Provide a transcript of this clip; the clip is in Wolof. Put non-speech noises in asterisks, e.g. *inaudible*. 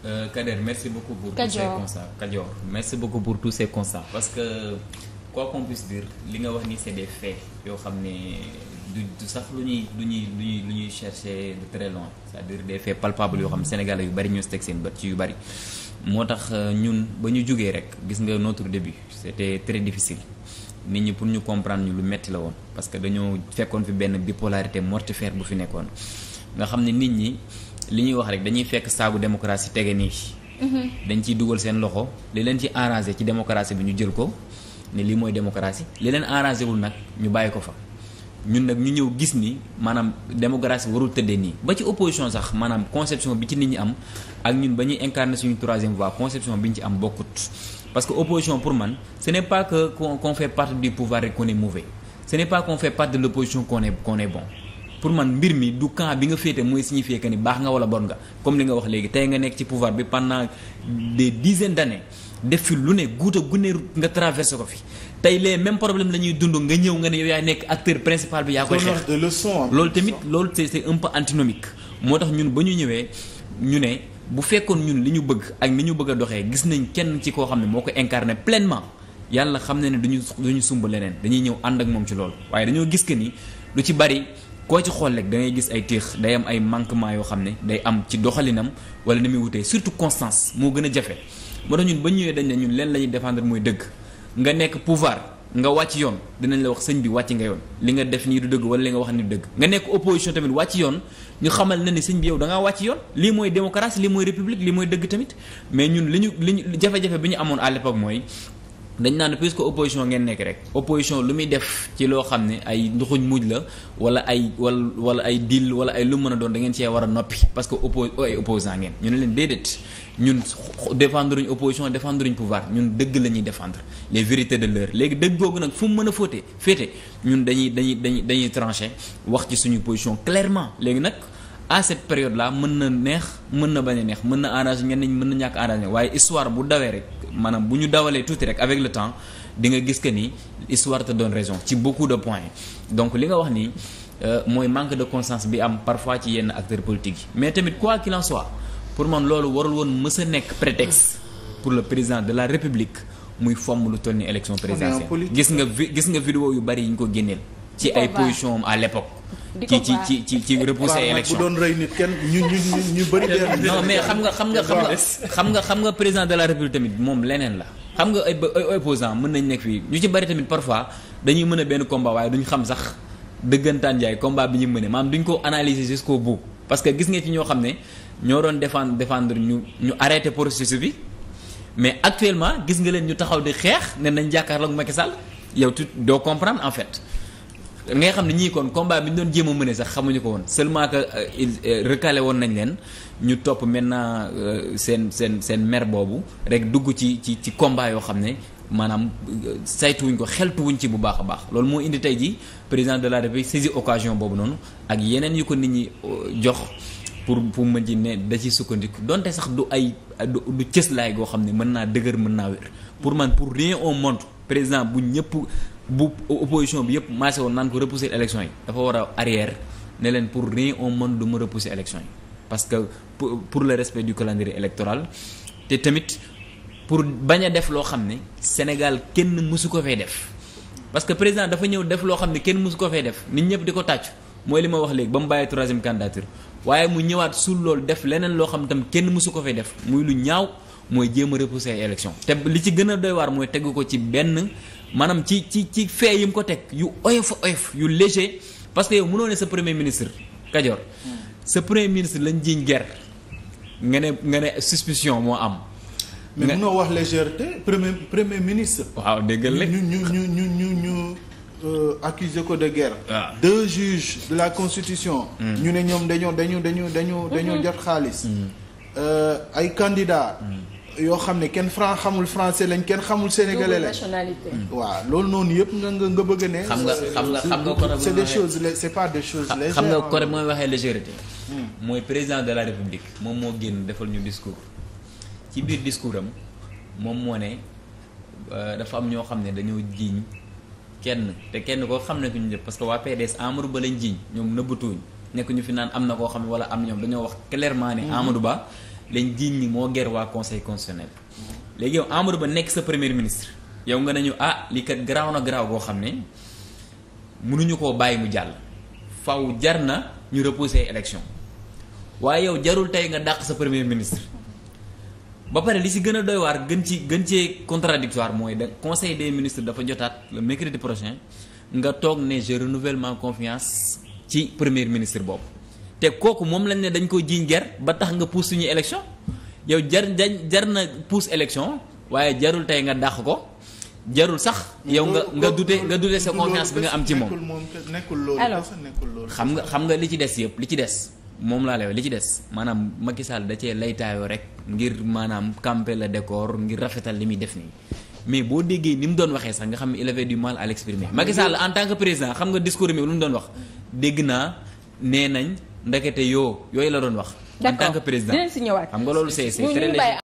Euh, Kader merci beaucoup pour Kajoor. tous ces constats Kajoor merci beaucoup pour tous ces parce que quoi qu'on li nga wax ni c'est des faits yoo xam ne du sax lu ñuy lu ñuy lu ñuy lu ñuy chercher de très loin cest dire des faits palpables yoo xam Sénégalais yu bari ñoo si teg seen bët ci yu bari moo tax euh, ñun ba ñu jugee rek gis nga notre début c'était très difficile nit ñi pour ñu comprendre ñu lu metti la woon parce que dañoo fekkoon fi benn bipolarité mortifère bu fi nekkoon nga xam ne nit ñi li ñuy wax rek dañuy fekk saagu démocratie tege nii. Mhm. dañ ciy dugal seen loxo li leen ci arrangé ci démocratie bi ñu jël ko ne lii mooy démocratie li leen arrangé wul nag ñu bàyyi ko fa. ñun nag ñu ñëw gis ni maanaam démocratie warul tëddee nii ba ci opposition sax maanaam conception bi ci nit ñi am ak ñun ba ñuy incarné suñu voie conception bi ñu ci am bokkut. parce que opposition pour man ce n'est pas que qu'on fait du pouvoir rek qu'on est pour man mbir mi du camp bi nga féete mooy signifier que ni baax nga wala bon nga comme li nga wax léegi tey nga nekk ci pouvoir bi pendant des dizaines d'années def fi lu ne guut a nga traversé ko fi tey les mêmes problèmes la ñuy dund nga ñëw nga ne yow yaay nekk acteur principal bi yaa koy xeex loolu tamit loolu c'est c'est un peu antinomique moo tax ñun ba ñu ñëwee ñu ne bu fekkoon ñun li ñu bëgg ak ni ñu bëgg a doxee gis nañ kenn ci koo xam ne moo ko incarné pleinement yàlla xam na ne duñu duñu sumb leneen dañuy ñëw ànd ak moom ci loolu koo ci xool rek da gis ay téex day am ay manquement yoo xam ne day am ci doxalinam wala ni muy wutee surtout constance moo gën a jafe moo tax ñun ba ñëwee dañ ne ñun leen lañuy ñuy mooy dëgg nga nekk pouvoir nga wàcc yoon dinañ la wax sëñ bi wàcc nga yoon li nga def nii du dëgg wala li nga wax ni dëgg nga nekk opposition tamit wàcc yoon ñu xamal na ni sëñ bi yow da ngaa wàcc yoon lii mooy démocratie lii mooy république lii mooy dëgg tamit mais ñun li ñu li ñu jafe-jafe bi ñu amoon à l'époque mooy dañ naan puisque opposition ngeen nekk rek opposition lu muy def ci loo xam ne ay nduxuñ mujj la wala ay wala wala ay deal wala ay lu mën a doon da ngeen cee war a noppi parce que oppo oh, ay opposant ngeen ñu ne leen déedéet ñun défendre uñ opposition défendre uñ pouvoir ñun dëgg la ñuy défendre les vérités de l'heure léegi dëgg googu nag fu mu mën a fóote féete ñun dañuy dañuy dañuy dañuy tranché wax ci suñu position clairement léegi nag à cette période là mën na neex mën na bañ a neex mën na arrangé ñenn ñi mën na ñàkk arrangé waaye histoire bu dawee rek maanaam bu ñu dawalee tuuti rek avec le temps di nga gis que ni histoire te donne raison ci beaucoup de points donc li nga wax ni euh, mooy manque de conscience bi am parfois ci yenn acteurs politiques yi mais tamit quoi qu'il en soit pour man loolu warul woon mës a nekk prétexte pour le président de la république muy fomm lu toll ni élection présidentielle gis nga gis nga vidéo yu bari yi ñu ko génneel ci ay position à l'époque di ko ci ci ci ci repousser élection bu doon rey nit kenn ñu ñu ñu bëri. *laughs* non mais xam nga xam nga xam nga xam nga xam nga président de la république tamit moom leneen la. xam nga ay ay opposant mën nañ nekk fii ñu ci bari tamit parfois dañuy mën a benn combat waaye duñ xam sax dëggantaan jaay combat bi ñu mën a maanaam duñ ko analyser jusqu'au bout parce que gis nga ci ñoo xam ne ñoo doon défendre défendre ñu ñu arrêté processus bi mais actuellement gis nga leen ñu taxaw di xeex ne nañ jàkkaarloog Macky Sall yow tu doo comprendre en fait. ngay xam ne ñii kon combat bi ñu doon jéem a mëne sax xamuñu ko woon seulement que euh, il euh, recalé woon nañ leen ñu topp maintenant euh, seen seen seen mer boobu rek dugg ci ci ci combat yoo xam ne maanaam saytuwuñ ko xeltuwuñ ci bu baax a baax loolu moo indi tey ji président de la République saisi occasion boobu noonu ak yeneen yu ko nit ñi jox pour pour mën ci ne da ciy sukkandiku donte sax du ay du cëslaay goo xam ne mën naa dëgër mën naa wér pour man pour rien au monde président bu ñëpp bu opposition bi yëpp maase woon naan ko repousser élection yi dafa war a arrière ne leen pour rien au monde du ma repousser élection yi parce que pour le respect du calendrier électoral te tamit pour bañ a def loo xam ne Sénégal kenn mësu ko fee def parce que président dafa ñëw def loo xam ne kenn mësu ko fee def nit ñëpp di ko tàccu mooy li ma wax léegi ba mu bàyyi troisième candidature waaye mu ñëwaat suul loolu def leneen loo xam tam kenn mësu ko fee def muy lu ñaaw mooy jéem a repousser te li ci gën a doy mooy teg ko ci benn maanaam ci ci ci fee yi mu ko teg yu oyof oyof yu léger parce que yow mënoo ne sa premier ministre Kajoor sa premier ministre lañ jiiñ guerre nga ne nga ne suspicion moo am. mais mënoo wax légèreté premier premier ministre. waaw déggal la ñu ñu ñu ñu ñu ñu. Euh, accusé ko de guerre. Ah. deux juges de la constitution. Hmm. ñu ne ñoom dañoo dañu dañu dañu dañoo hmm. jot xaalis. Hmm. Euh, ay candidats. yoo xam ne kenn franc xamul français lañ kenn xamul sénégalais lañ. nationalité. Hmm. waaw loolu noonu yëpp nga nga nga bëgg ne. xam nga xam nga xam nga kon c'est des choses c'est pas des choses légères. xam nga kon mooy waxee légèreté. Hmm. mooy président de la république moom moo génn defal ñu discours. ci biir discours am moom moo ne euh, dafa am ñoo xam ne dañoo jiiñ kenn te kenn koo xam ne ku ñu def parce que waa PDS Amadou Ba lañ jiiñ ñoom nëbbatuuñ nekk ñu fi naan am na koo xam ne wala am ñoom dañoo wax clairement ne hmm. Amadou Ba. lañ jiiñ ñi moo ger waa conseil constitutionnel léegi yow Amadou Ba nekk sa premier ministre yow nga nañu ah li kat garaaw na graaw boo xam ne mënuñu koo bàyyi mu jàll faw jar na ñu repousser élection waaye yow jarul tey nga dàq sa premier ministre ba pare li si gën a doy waar gën ci gën cee contradictoire mooy da conseil des ministres dafa jotaat le mercredi prochain nga toog ne je renouvelle ma confiance ci premier ministre boobu te kooku moom lañ ne dañ ko jiiñ ger ba tax nga pousse suñu élection yow jar jar na pousse élection waaye jarul tey nga dàq ko jarul sax yow nga nga dute nga dute sa confiance bi nga am ci moom alors xam nga xam nga li ci des yëpp li ci des moom laa lay wax li ci des maanaam Macky Sall da cee laytaayoo rek ngir maanaam camper la décor ngir rafetal li muy def nii mais boo déggee ni mu doon waxee sax nga xam ne il avait du mal à l'exprimer en tant que président xam nga discours mi lu mu doon wax dégg naa nee nañ ndekete yoo yooyu la doon wax. en tant que président xam nga loolu c'est c'est très